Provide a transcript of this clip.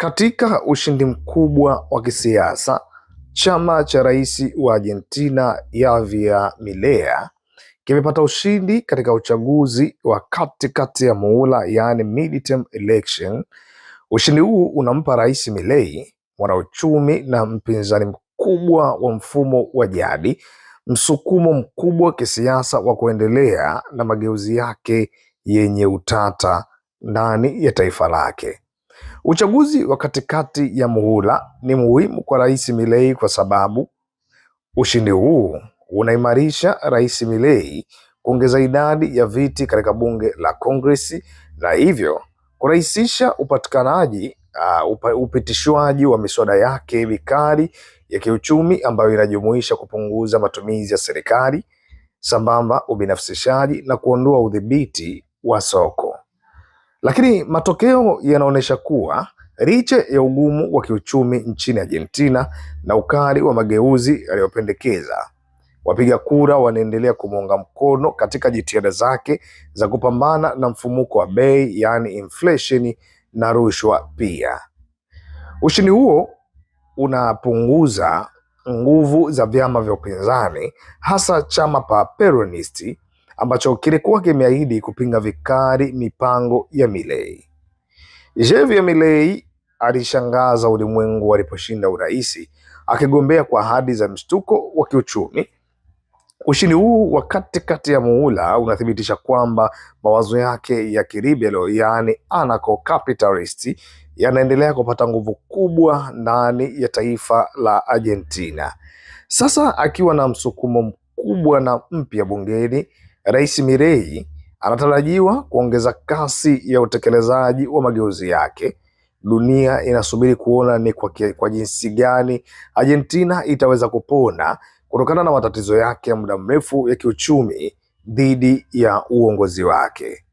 Katika ushindi mkubwa wa kisiasa, chama cha rais wa Argentina Javier Milei kimepata ushindi katika uchaguzi wa katikati ya muhula, yaani midterm election. Ushindi huu unampa rais Milei, mwanauchumi na mpinzani mkubwa wa mfumo wa jadi, msukumo mkubwa wa kisiasa wa kuendelea na mageuzi yake yenye utata ndani ya taifa lake. Uchaguzi wa katikati ya muhula ni muhimu kwa Rais Milei kwa sababu ushindi huu unaimarisha Rais Milei kuongeza idadi ya viti katika bunge la Kongresi na hivyo kurahisisha upatikanaji uh, upitishwaji wa miswada yake mikali ya kiuchumi ambayo inajumuisha kupunguza matumizi ya serikali sambamba ubinafsishaji na kuondoa udhibiti wa soko. Lakini matokeo yanaonyesha kuwa licha ya ugumu wa kiuchumi nchini Argentina na ukali wa mageuzi yaliyopendekeza, wapiga kura wanaendelea kumuunga mkono katika jitihada zake za kupambana na mfumuko wa bei, yaani inflation na rushwa. Pia ushindi huo unapunguza nguvu za vyama vya upinzani, hasa chama pa Peronisti ambacho kilikuwa kimeahidi kupinga vikali mipango ya Milei. Javier Milei alishangaza ulimwengu aliposhinda urais akigombea kwa ahadi za mshtuko wa kiuchumi. Ushindi huu wa katikati ya muhula unathibitisha kwamba mawazo yake ya kiribelo, yaani anarcho-capitalist, yanaendelea kupata nguvu kubwa ndani ya taifa la Argentina, sasa akiwa na msukumo mkubwa na mpya bungeni. Rais Mirei anatarajiwa kuongeza kasi ya utekelezaji wa mageuzi yake. Dunia inasubiri kuona ni kwa, kwa jinsi gani Argentina itaweza kupona kutokana na matatizo yake ya muda mrefu ya kiuchumi dhidi ya uongozi wake.